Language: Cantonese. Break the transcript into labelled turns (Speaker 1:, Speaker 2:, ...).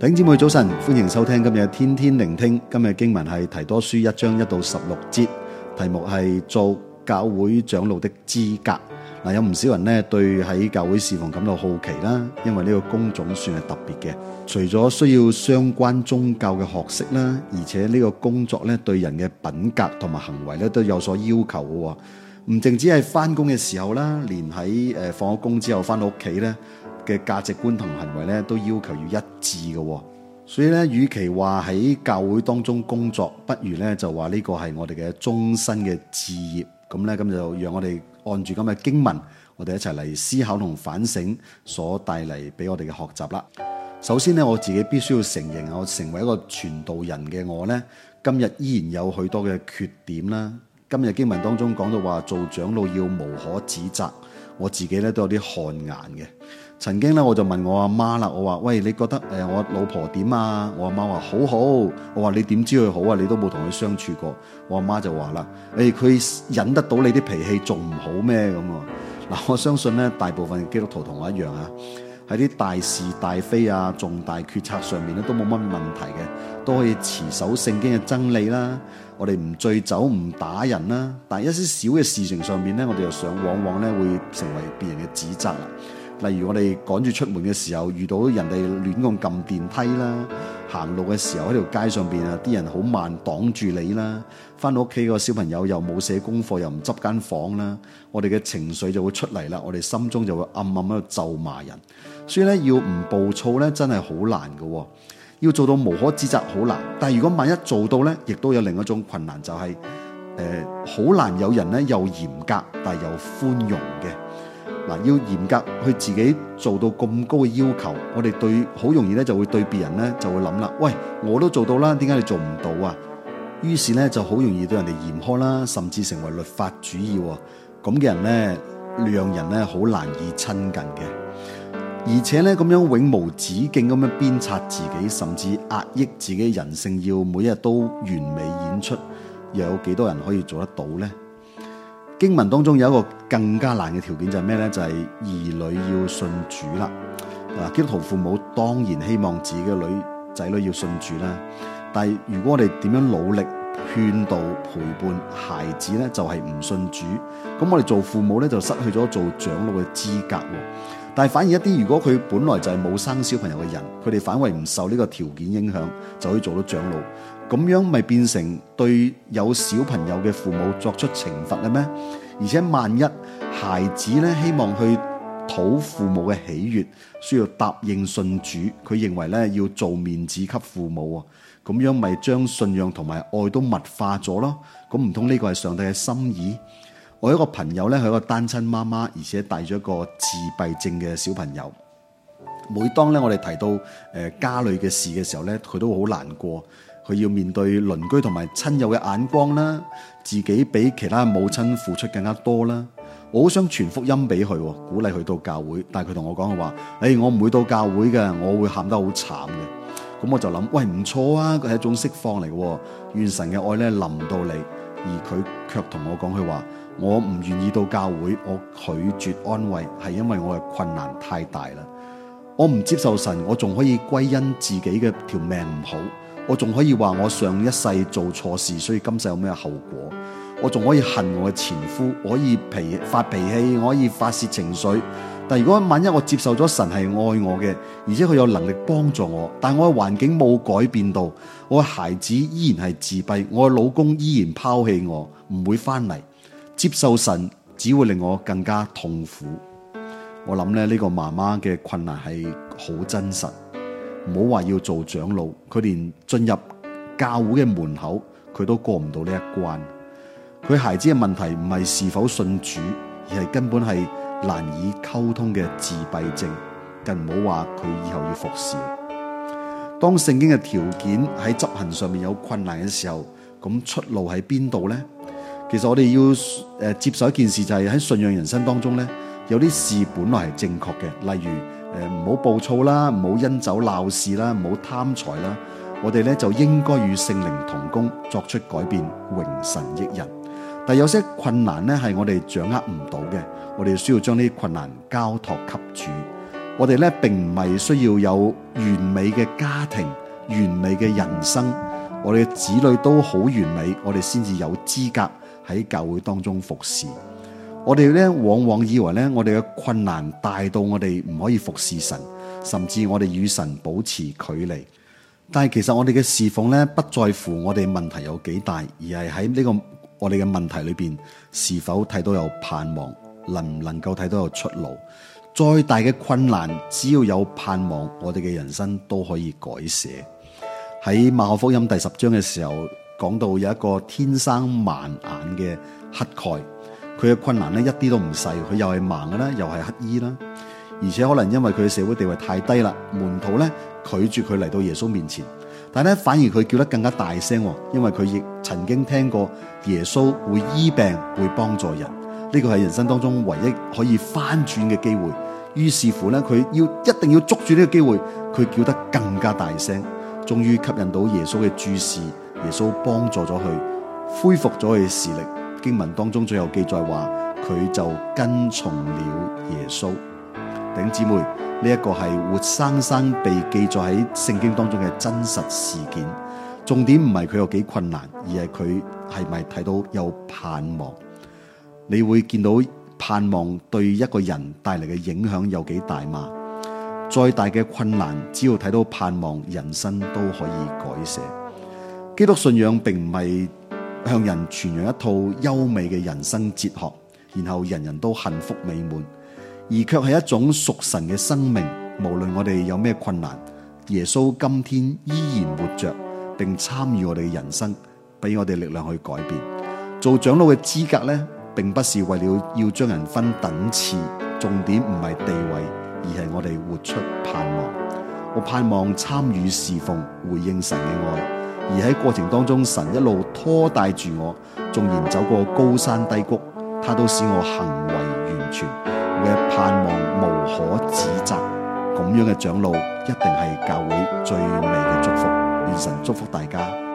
Speaker 1: 弟兄姊妹早晨，歡迎收聽今日嘅天天靈聽。今日嘅經文係提多書一章一到十六節，題目係做教會長老的資格。嗱，有唔少人咧對喺教會事奉感到好奇啦。因為呢個工種算係特別嘅，除咗需要相關宗教嘅學識啦，而且呢個工作咧對人嘅品格同埋行為咧都有所要求嘅喎。唔淨止係翻工嘅時候啦，連喺誒放咗工之後翻到屋企咧嘅價值觀同行為咧都要求要一致嘅喎。所以咧，與其話喺教會當中工作，不如咧就話呢個係我哋嘅終身嘅志業。咁咧，咁就讓我哋按住今日經文，我哋一齊嚟思考同反省所帶嚟俾我哋嘅學習啦。首先咧，我自己必須要承認，我成為一個傳道人嘅我咧，今日依然有許多嘅缺點啦。今日經文當中講到話做長老要無可指責，我自己咧都有啲汗顏嘅。曾經咧，我就問我阿媽啦，我話：喂，你覺得誒我老婆點啊？我阿媽話：好好。我話：你點知佢好啊？你都冇同佢相處過。我阿媽就話啦：誒，佢忍得到你啲脾氣，仲唔好咩咁啊？嗱，我相信咧，大部分基督徒同我一樣啊，喺啲大是大非啊、重大決策上面咧，都冇乜問題嘅，都可以持守聖經嘅真理啦。我哋唔醉酒、唔打人啦，但係一啲小嘅事情上面咧，我哋又想，往往咧會成為別人嘅指責。例如我哋趕住出門嘅時候，遇到人哋亂咁撳電梯啦；行路嘅時候喺條街上邊啊，啲人好慢，擋住你啦；翻到屋企個小朋友又冇寫功課，又唔執間房啦。我哋嘅情緒就會出嚟啦，我哋心中就會暗暗喺度咒罵人。所以咧，要唔暴躁咧，真係好難㗎。要做到無可指責，好難。但係如果萬一做到咧，亦都有另一種困難，就係、呃、好難有人咧又嚴格但係又寬容嘅。嗱，要嚴格去自己做到咁高嘅要求，我哋對好容易咧就會對別人咧就會諗啦，喂，我都做到啦，點解你做唔到啊？於是咧就好容易對人哋嚴苛啦，甚至成為律法主義，咁嘅人咧讓人咧好難以親近嘅，而且咧咁樣永無止境咁樣鞭策自己，甚至壓抑自己人性，要每日都完美演出，又有幾多人可以做得到咧？經文當中有一個更加難嘅條件，就係咩咧？就係、是、兒女要信主啦。基督徒父母當然希望自己嘅女仔女要信主啦。但係如果我哋點樣努力勸導陪伴孩子咧，就係唔信主，咁我哋做父母咧就失去咗做長老嘅資格。但係反而一啲如果佢本來就係冇生小朋友嘅人，佢哋反而唔受呢個條件影響，就可以做到長老。咁樣咪變成對有小朋友嘅父母作出懲罰咧咩？而且萬一孩子咧希望去討父母嘅喜悅，需要答應信主，佢認為咧要做面子給父母啊，咁樣咪將信仰同埋愛都物化咗咯？咁唔通呢個係上帝嘅心意？我一個朋友咧，佢一個單親媽媽，而且帶咗一個自閉症嘅小朋友。每當咧我哋提到家裏嘅事嘅時候咧，佢都好難過。佢要面對鄰居同埋親友嘅眼光啦，自己比其他母親付出更加多啦。我好想傳福音俾佢，鼓勵佢到教會，但佢同我講佢話：誒、哎，我唔會到教會嘅，我會喊得好慘嘅。咁我就諗，喂，唔錯啊，佢係一種釋放嚟嘅。願神嘅愛咧臨到你，而佢卻同我講佢話：我唔願意到教會，我拒絕安慰，係因為我嘅困難太大啦。我唔接受神，我仲可以歸因自己嘅條命唔好。我仲可以話我上一世做錯事，所以今世有咩後果？我仲可以恨我嘅前夫，我可以脾發脾氣，我可以發洩情緒。但如果萬一我接受咗神係愛我嘅，而且佢有能力幫助我，但我嘅環境冇改變到，我嘅孩子依然係自閉，我嘅老公依然拋棄我，唔會翻嚟。接受神只會令我更加痛苦。我諗咧呢個媽媽嘅困難係好真實。唔好話要做長老，佢連進入教會嘅門口佢都過唔到呢一關。佢孩子嘅問題唔係是，是否信主，而係根本係難以溝通嘅自閉症，更唔好話佢以後要服侍。當聖經嘅條件喺執行上面有困難嘅時候，咁出路喺邊度咧？其實我哋要誒接受一件事，就係、是、喺信仰人生當中咧，有啲事本來係正確嘅，例如，誒，唔好暴躁啦，唔好因酒鬧事啦，唔好貪財啦，我哋咧就應該與聖靈同工，作出改變，榮神益人。但有些困難咧，係我哋掌握唔到嘅，我哋需要將呢啲困難交託給主。我哋咧並唔係需要有完美嘅家庭、完美嘅人生，我哋嘅子女都好完美，我哋先至有資格喺教會當中服侍。我哋咧，往往以為咧，我哋嘅困難大到我哋唔可以服侍神，甚至我哋與神保持距離。但係其實我哋嘅侍奉咧，不在乎我哋問題有幾大，而係喺呢個我哋嘅問題裏邊，是否睇到有盼望，能唔能夠睇到有出路。再大嘅困難，只要有盼望，我哋嘅人生都可以改寫。喺馬可福音第十章嘅時候，講到有一個天生盲眼嘅乞丐。佢嘅困難咧一啲都唔細，佢又係盲嘅啦，又係乞衣啦，而且可能因為佢嘅社會地位太低啦，門徒咧拒絕佢嚟到耶穌面前，但係咧反而佢叫得更加大聲，因為佢亦曾經聽過耶穌會醫病會幫助人，呢個係人生當中唯一可以翻轉嘅機會。於是乎咧，佢要一定要捉住呢個機會，佢叫得更加大聲，終於吸引到耶穌嘅注視，耶穌幫助咗佢恢復咗佢嘅視力。經文當中最後記載話，佢就跟從了耶穌。頂姊妹，呢一個係活生生被記載喺聖經當中嘅真實事件。重點唔係佢有幾困難，而係佢係咪睇到有盼望。你會見到盼望對一個人帶嚟嘅影響有幾大嗎？再大嘅困難，只要睇到盼望，人生都可以改寫。基督信仰並唔係向人傳揚一套優美嘅人生哲學，然後人人都幸福美滿，而卻係一種屬神嘅生命。無論我哋有咩困難，耶穌今天依然活着，並參與我哋嘅人生，俾我哋力量去改變。做長老嘅資格呢，並不是為了要將人分等次，重點唔係地位，而係我哋活出盼望。我盼望參與侍奉，回應神嘅愛。而喺過程當中，神一路拖帶住我，縱然走過高山低谷，他都使我行為完全，我嘅盼望無可指責。咁樣嘅長老，一定係教會最美嘅祝福。願神祝福大家。